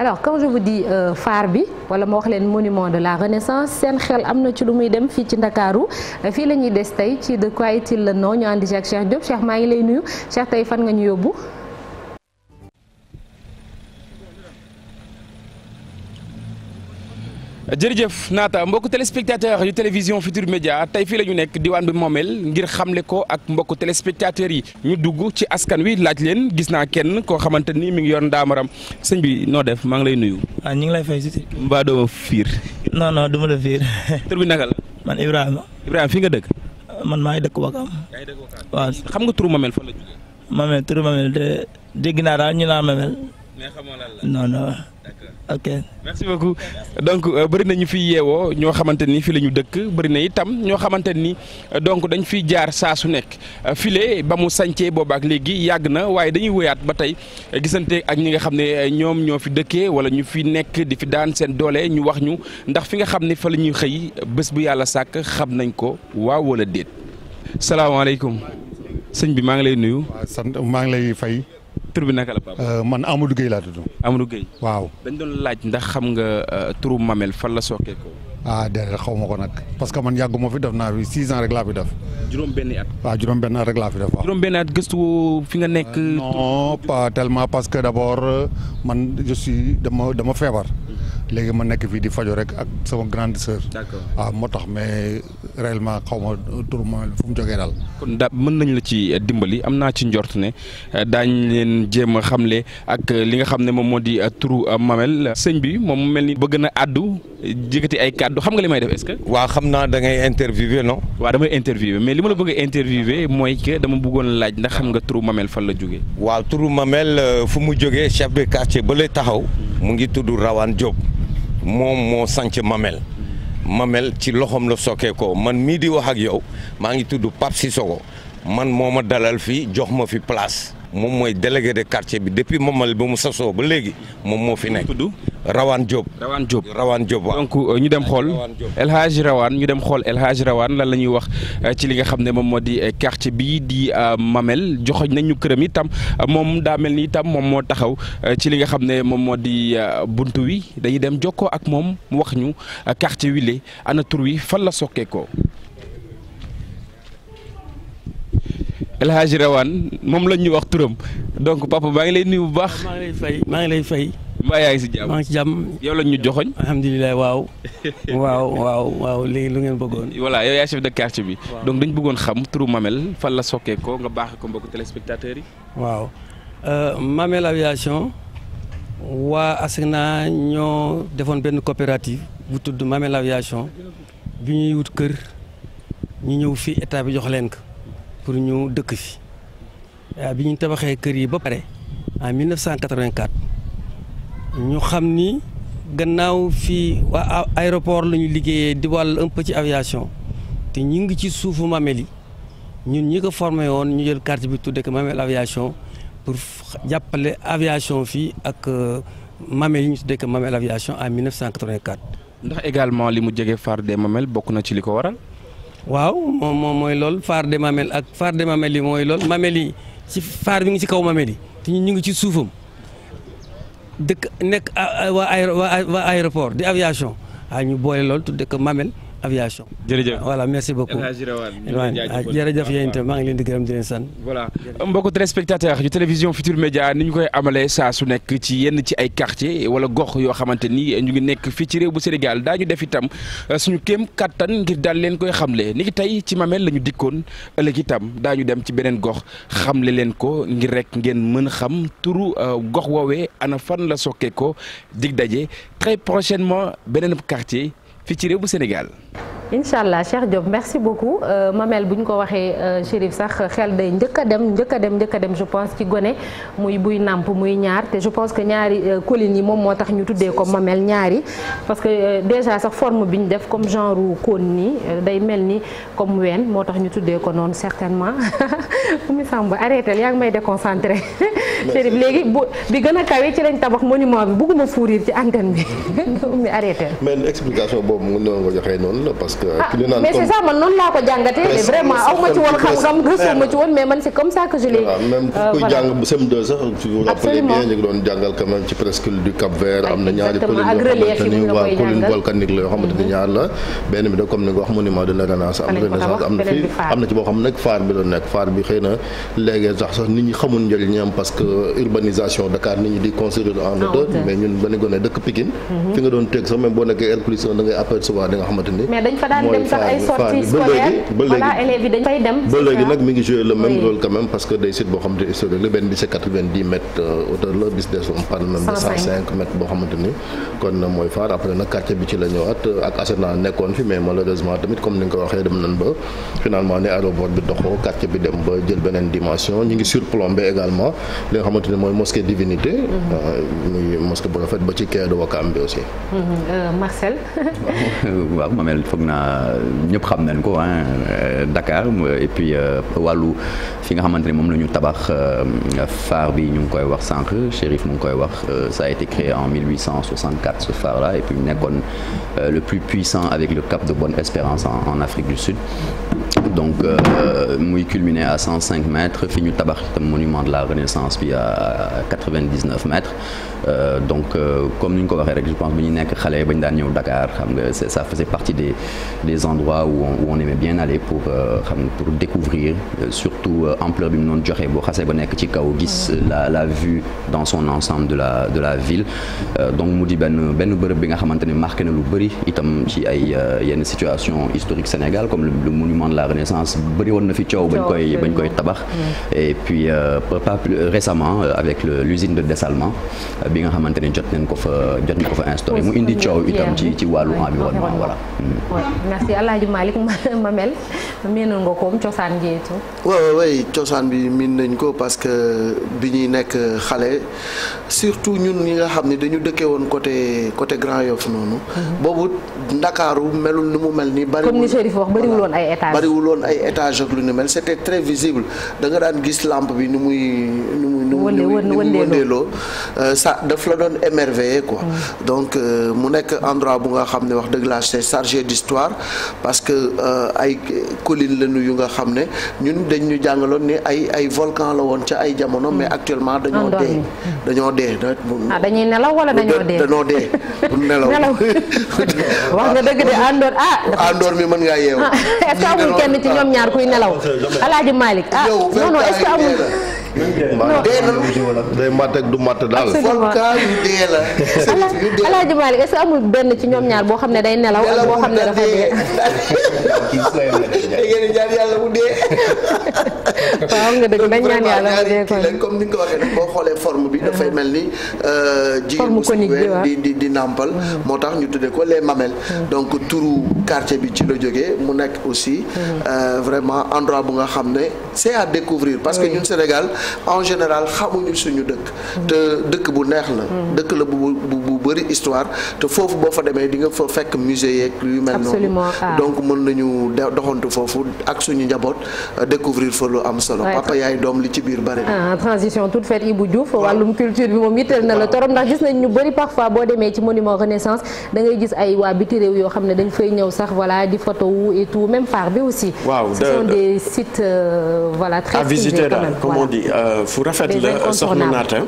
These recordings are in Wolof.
alors quand je vous dis euh, phare bi wala ma wax leen monument de la renaissance seen xel am na ci lu muy dem fii ci ndakaaru fii la ñuy des tey ci de quoi est-il le ñu àndi ci ak Cheikh Diop Cheikh maa ngi lay nuyu Cheikh tey fan nga ñu yóbbu jërëjëf naata mbokku téléspectateur yu télévision Futur Média tey fii la ñu nekk diwaan bi moomeel ngir xamle ko ak mbokku téléspectateur yi ñu dugg ci askan wi laaj leen gis naa kenn koo xamante ni mi ngi yor ndaamaram sëñ bi noo def maa ngi lay nuyu. waaw ah, ñu ngi lay fay si. mbaa doo fiir. non non du ma la fiir. tur bi man Ibrahima. Ibrahima fii nga dëkk. man maa ngi dëkk Wakaam. yaa ngi xam nga turu moomeel fan la turu moomeel de dégg naa daal ñu naa moomeel non noonu ok donc euh, bëri na ñu fiy yeewoo ñoo xamante ni fi la ñu dëkk bëri na itam ñoo xamante ni euh, donc dañ fiy jaar saa su nekk euh, file ba mu sañcee boobaak léegi yàgg na waaye dañuy wëyaat ba tey gisante ak ñi nga xam ne ñoom ñoo fi dëkkee wala ñu fi nekk di fi daan seen doole ñu wax ñu ndax nga xam ne fa la ñuy xëy bés bu yàlla sàkk xam nañ ko waaw wala déet salaamaaleykum sëñ bi maa ngi lay nuyu. sant maa ngi lay fay. tur bi naka la Pape. Euh, man Amadou Guèye laa tudd. Amadou Guèye. waaw dañ doon laaj ndax xam nga euh, turu Mamel fan la sookee de ah xaw ma ko nag parce que man yàggu ma fi def naa fi six ans rek laa fi def. juróom benni at. waaw juróom benn at rek laa fi def waaw. juróom benn fi nga nekk. Euh, non pas tellement parce que d' abord man je dama dama feebar. léegi ma nekk fii di fajo rek ak sama grande sœur. d'accord waaw ah, moo tax mais réellement xaw ma tur ma fu mu jógee daal. kon da mën nañ la ci dimbali am naa ci njort ne euh, daañ leen jéem a xamle ak euh, li nga xam ne moom moo di euh, turu Mamel sëñ bi moom mu mel ni bëgg na àddu jëkkati ay kàddu xam nga li may def est-ce que. waaw xam naa da ngay interviewé non. waaw damay interviewé mais li ma la bëgg a interviewé mooy que dama laaj ndax xam nga turu Mamel fan la jógee. waaw turu fu mu jógee chef de quartier ba taxaw mu ngi tudd rawaan Diop. moom moo sanc Mamel Mamel ci loxoom la sokkee ko man mii di wax ak yow maa ngi tudd Pape Sissoko man moo ma dalal fii jox ma fi place moom mooy délégué de quartier bi depuis Mamel ba mu sosoo ba léegi moom moo fi nekk. rawaan Diop. Rawane Diop Rawane Diop waaw. Euh, ñu dem xool El Hadj Rawane ñu dem xool El Hadj Rawane la ñuy wax euh, ci li nga xam ne moom moo di euh, quartier bii di Mamel joxoñ nañu këram itam moom daa mel ni itam moom moo taxaw ci li nga xam ne moom moo di bunt wi dañuy dem jokkoo ak moom mu wax ñu quartier wi le ana tur wi fan la sokkeekoo. El Hadj moom la ñuy wax turam donc papa maa ngi lay nuyu bu baax. maa ngi lay fay. mbaa yaa ngi si jàmm yow lañ ñu joxoñ. alhamdulilah waaw. waaw waaw waaw léegi lu ngeen bëggoon. voilà yow yaa de quartier bi. donc dañ bëggoon xam turu Mamel fan la sokkee ko nga baaxee ko mbokku téléspectateurs yi. waaw euh, Mamel aviation waa ASECNA ñoo defoon benn coopérative bu tudd Mamel aviation bi ñuy wut kër ñu ñëw fii état bi jox leen ko pour ñu dëkk fi euh, bi ñu tabaxee kër yi ba pare en 1984. ñu xam ni gannaaw fii waa aéroport la ñu liggéeyee di wàll un ci aviation te ñu ngi ci suufu mamel yi ñun ñi ko formé woon ñu jël carte bi tudde ko mamel aviation pour jàppale aviation fii ak euh, mamel yi ñu tudde ko mamel aviation en 1984. ndax également li mu jege phare des Mamelles bokk na ci li ko waral. waaw moom mooy lool phare des Mamelles ak phare des Mamelles yi mooy lool Mamelles yi ci phare bi ngi ci kaw Mamelles yi te ñun ñu ngi ci suufam. dëkk nekk wa aéroport di aviation waaw ñu boole loolu tudde ko Mamel aviation. jërëjëf voilà merci beaucoup El Hadj Rawane jërëjëf yéen maa ngi leen di gërëm di leen sant. voilà mbokku téléspectateur yu télévision Futur Média ni ñu koy amalee saa su nekk ci yenn ci ay quartier wala gox yoo xamante ni ñu ngi nekk fii ci réew bu Sénégal daañu def itam euh, suñu kéem kattan ngir daal leen koy xamle ni ki tey ci Mamel la ñu dikkoon ëllëg itam daañu dem ci beneen gox xamle leen ko ngir rek ngeen mën xam turu euh, gox woowee ana fan la sokkee ko dig daje très prochainement beneen quartier. fii ci réew bu Sénégal. incha allah Cheikh Diop merci beaucoup euh, Mamel bu ñu ko waxee euh, Chérif sax xel day njëkk dem njëkk a dem njëkk dem je pense ci gone muy buy nàmp muy ñaar te je pense que ñaari euh, collines yi moom moo tax ñu tuddee ko Mamel ñaari parce que déjà sax forme bi ñu def comme genre koon nii day mel ni comme ween moo tax ñu tuddee ko noonu certainement Oumy Samb arrêté yaa ngi may déconcentré Chérif léegi bu bi gën a kawe ci lañ tabax monument bi bugguma fuurir ci antenne bi mi arrêté explication boobu mu noonu nga joxee noonu la parce que ah, ki ñu naan mais c'est ça man noonu laa ko jàngatee vraiment aw ma ci woon xam-xam gëstu ma ci woon mais man c'est comme ça que je l'ai même euh, ku jàng bu sem deux sax jàngal quand même ci presqu'île du Cap Vert am na ñaari colline waaw colline volcanique la yoo xamante ni mhm. ñaar la benn bi da comme ni nga wax monument de na fi am na ci boo xam ne nag bi doon nekk phare bi xëy na léegi sax sax nit ñi xamul njëriñam parce Euh, urbanisation Dakar nit ñi di construire en hauteur ah, mais ñun ba ñu gone dëkk Pikine mhm. fi nga doon teg sax même boo nekkee R plus 1 da ngay apercevoir nga xamante ni mais dañ fa daan ba léegi boo xamante kon mooy faar après nag quartier bi ci la ñëwaat euh, ak ASENA nekkoon fi mais malheureusement tamit comme ni nga waxee dem nañ ba finalement ne aéroport bi doxoo quartier bi dem ba jël beneen dimension ñu ngi surplombé également nga xamante ne mooy mosquée divinité. Mhm. Euh, muy mosquée bu rafet ba ci quai de Ouakam bi aussi. Mhm. Euh, Marcel. waaw Mamel foog naa ñëpp xam nañ ko ah Dakar et puis wàllu fi nga xamante ne moom la ñu tabax phare bi ñu ngi koy wax sànq Chérif mu ngi koy wax ça a été créé en 1864 ce phare là et puis nekkoon le plus puissant avec le Cap de Bonne-Espérance en Afrique du Sud. donc muy culminé à mètres fi ñu tabax monument de la Renaissance à euh, 99 mètres. Euh, donc euh, comme ni ñu ko waxee rek je pense bu ñu nekk xale ba ñu daan ñëw Dakar xam nga ça faisait partie des des endroits où on, où on aimait bien aller pour euh, xam pour découvrir surtout ampleur bi mu doon joxe boo xasee ba nekk ci kaw gis la la vue dans son ensemble de la de la ville donc mu di benn benn bërëb bi nga xamante ne marqué na lu bëri itam ci ay yenn situation historique Sénégal comme le monument de la Renaissance bëri woon na fi coow bañ koy bañ koy tabax mm. et puis pas plus récemment avec l'usine de dessalement bi nga xamante ne jot nañ ko fa jot nañ ko fa instauré mu indi coow itam ci ci wàllu environnement voilà mm. merci Alaaji Malick Mamel miinoon nga koom cosaan jeetu waaw waaw cosaan bi miin nañ ko parce que bi ñuy nekk xale surtout ñun ñi nga xam ne dañu dëkkee woon côté côté Grand Yoff noonu mm-hmm. boobu Ndakaaru melul ni mu mel ni bariwul comme ni Chérif wax bariwul woon ay mel c'était très visible da nga daan gis nu mu nu mu wëndeeloo euh, ça daf la doon émerveillé quoi. Mm. donc euh, mu nekk endroit bu nga xam ne wax dëgg laa c'est chargé d'histoire parce que euh, ay collines lañu yu nga xam ne ñun dañ ñu jàngaloon ni ay ay volcan la woon ca ay jamono mm. mais actuellement dañoo dee. Mm. dañoo dee ah, dañuy nelaw wala dañoo dee dañoo dee nelaw wax nga dëgg de àndoor ah. àndoor ah, ah, mi mën ngaa yeewu. est-ce que amul kenn ci ñoom ñaar kuy nelaw. Alaaji Malick ah non non est-ce que amul. dee na ak du mat daal. fonkaa yu dee la. Alaaji Maalik que amul benn ci ñoom ñaar boo xam ne day nelaw ak boo xam ne dafa dee. ngeen ñaan yàlla mu dee. ni nga ko waxee boo xoolee forme bi dafay mel ni. Euh, jigéen bu suwee di di di nàmpal. Mm. moo tax ñu tuddee ko les mamelles. Mm. donc turu quartier bi ci la jógee mu nekk aussi. Mm. Euh, vraiment endroit bu nga xam ne c'est à découvrir parce que ñun Sénégal. en général xamuñu suñu dëkk. te dëkk bu neex la. dëkk la bu bu bu bëri histoire te foofu boo fa demee di nga fa fekk musée yeeg yu mel noonu. Ah. donc mën nañu doxantu foofu ak suñu njaboot euh, découvrir fa lu am solo. papa yaay doom li ci biir bëri na. Ah, transition toute faite Ibou Diouf. wàllum culture bi moom itteel na la torop ndax gis nañ ñu bëri parfois boo demee ci monument renaissance da ngay gis ay waa biti réew yoo xam ne dañ fay ñëw sax voilà di photo et tout même par bi aussi. waaw ce sont des euh, voilà Euh, fu rafet la soxna naata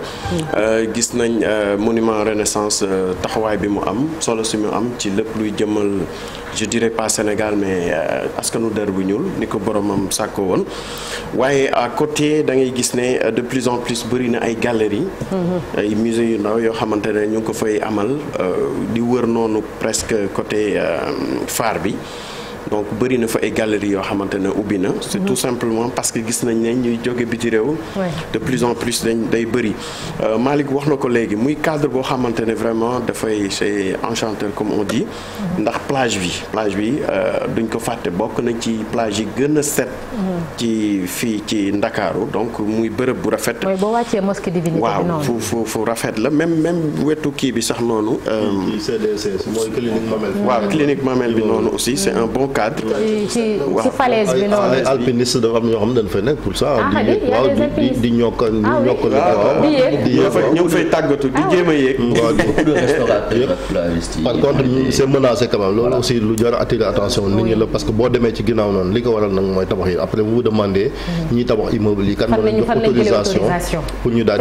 euh, gis nañ euh, monument renaissance taxawaay bi mu am solo si mu am ci lépp luy jëmmal je dirais pas Sénégal mais askanu dër bu ñuul ni ko boromam sàkkoo woon waaye à côté da ngay gis ne de plus en plus bëri na ay galeries mhm. ay musées yu ndaw yoo xamante ne ñu ngi ko fay amal di wër noonu presque côté phare bi donc bëri na fa ay galeries yoo xamante ne ubbi na. c'est mhm. tout simplement parce que gis nañ ne ñuy jóge biti réew. de plus en plus dañ day bëri. Euh, Malick wax na ko léegi muy cadre boo xamante ne vraiment dafay c'est enchanteur comme on dit. Mhm. ndax plage bi plage bi euh, duñ ko fàtte bokk nañ ci plage yi gën a set. Mhm. ci fii ci Ndakaaru donc muy bërëb bu rafet. mooy boo wàccee mosquée divinité waaw fu fu rafet la même même wetu kii bi sax noonu. CDC euh, mooy clinique Mamelles. waaw clinique Mamelles bi noonu aussi c'est un bon cadre. Euh, ci ci falaise bi noonu. ay alpiniste dafa am ñoo xam dañ fay nekk pour ça. Ah, waaw di di ñokk ñokk di ñu fay tàggatu di ah jéem a yéeg. Mm, par contre c'est menacé quand même loolu aussi lu jar attirer attention nit ñi la parce que boo demee ci ginnaaw noonu li ko waral nag mooy tabax yi après vous demandez. Mm-hmm. ñiy tabax immeuble yi kan moo leen jox autorisation pour ñu daal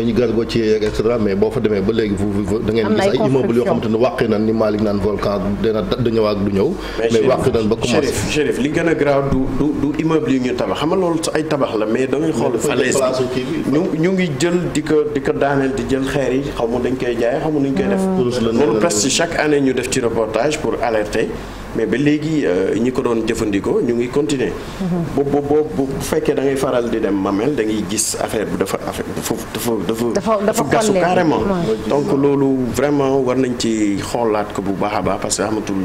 di côtier et boo fa demee ba léegi vous da ngeen gis ay immeuble yoo xamante ne wàqi nan ni Malick naan volcan dina du ñëwaat du ñëw mais wàqi ba commencé chérif li gën a graaw du du immeuble yi ñu tabax xam nga loolu ay tabax la mais da xool falaise bi ñu ñu ngi jël di ko di ko daaneel di jël xeer yi xaw ma dañ koy jaay xaw ma dañ koy def ah. loolu presque chaque année ñu def ci reportage pour alerte mais ba léegi euh, ñi ko doon jëfandikoo ñu ngi continuer mm-hmm. bo bu bu fekkee da ngay faral di dem mamel da ngay gis affaire bi dafa affaire dafa dafa dafa gasu carrément donc loolu vraiment war nañ ci xoolaat ko bu baax a baax parce que amatul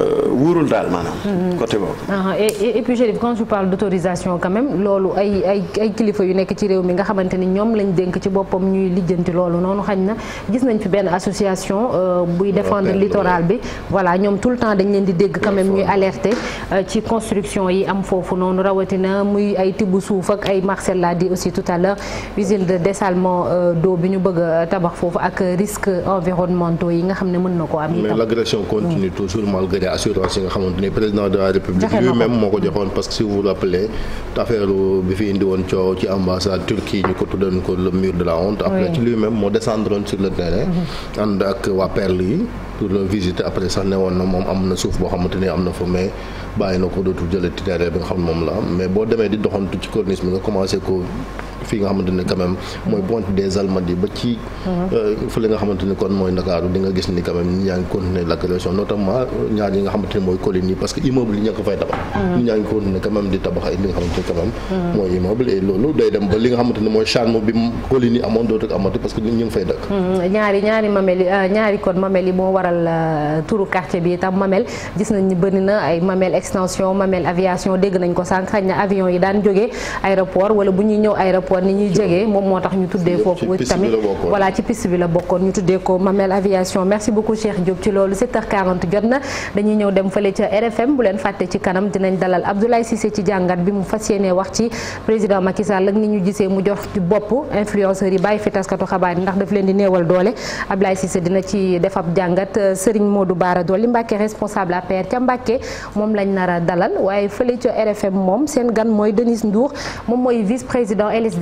Euh, wóorul daal maanaam. Mm-hmm. côté boobu. Uh-huh. et et puis Chérif quand je parle d'autorisation quand loolu ay ay ay kilifa yu nekk ci réew mi nga xamante ni ñoom lañ dénk ci boppam ñuy lijjanti loolu noonu xañ na gis nañ fi benn association euh, buy défendre littoral bi voilà ñoom tout le temps dañ leen di dégg quand même ñuy alerter euh, ci construction yi am foofu noonu rawatina muy ay tibb suuf ak ay Marcel l'a dit aussi tout à l'heure usine de dessalement do bi ñu bëgg tabax foofu ak risques environnementaux yi nga xam ne mën na ko am. des assurances yi nga xamante ni président de la république lui-même moo ko joxoon parce que si vous rappelez affaire bi fi indi woon coow ci ambassade Turquie ñu ko tuddoon ko le de la honte après ci lui-même moo descendroon sur le terrain mhm. ànd ak waa perle yi pour le visiter après sax ne woon na moom am na suuf boo xamante ni am na fa bàyyi na ko dootul jële terrain bi nga xam moom la mais boo demee di doxantu ci corniche bi nga commencé fii nga xamante ni quand même mooy pointe des Almadies euh, kon mooy Ndakaaru di gis ni quand même ñaa ngi continuer la création notamment ñaar yi nga xamante mooy colline parce que immeuble yi ña fay tabax mm-hmm. ni quand mm-hmm. fay dëkk mm-hmm. ñaari ñaari mamel euh, ñaari kon mamel yi moo waral euh, turu quartier bi itam mamel gis nañ ni na ay mamel extension mamel aviation dégg nañ ko sànq xañ na avion yi daan jógee aéroport wala bu ñuy ñëw aéroport bokkoon ni ñuy jege moom moo tax ñu tuddee foofu tamit voilà ci piste bi la bokkoon ñu tuddee ko Mamel aviation merci beaucoup Cheikh Diop ci loolu 7 h jot na dañuy ñëw dem fële ca RFM bu leen fàtte ci kanam dinañ dalal Abdoulaye Cissé ci jàngat bi mu fas yéenee wax ci président Macky Sall ak ni ñu gisee mu jox ci bopp influenceurs yi bàyyi fi taskatu xabaar yi ndax daf leen di néewal doole Abdoulaye Cissé dina ci def ab jàngat euh, Serigne Modou Bara Dolly Mbacké responsable APR ca Mbacké moom lañ nar a dalal waaye fële ca RFM moom seen gan mooy Denis Ndour moom mooy vice